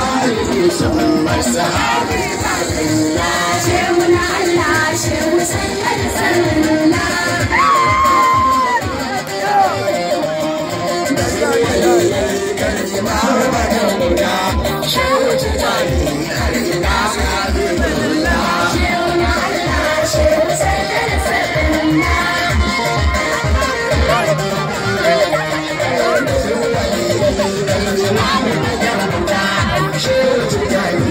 i birthday to you. Happy birthday you.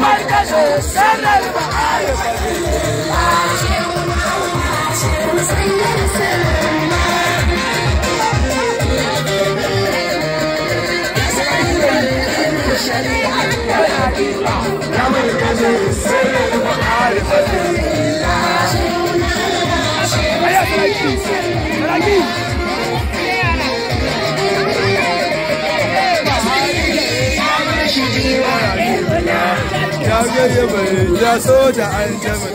kamar kashe sanar ba a yi Kamar kashe 两个月没家，说家安家没家。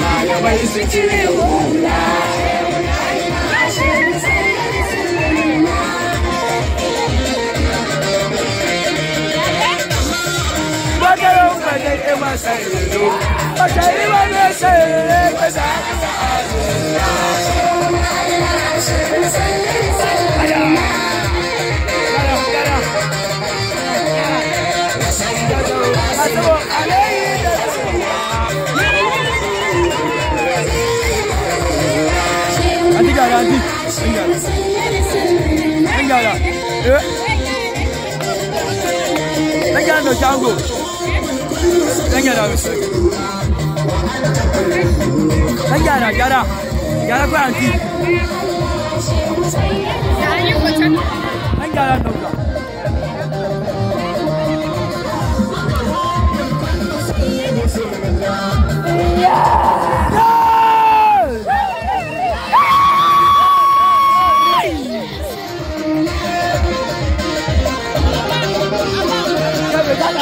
malamai su cire hula Bakarar kwanar ima sarari, baka yi mana geldik. Sen geldin. Sen geldin. Evet.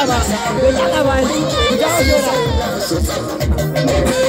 Alaba, Alaba, Alaba.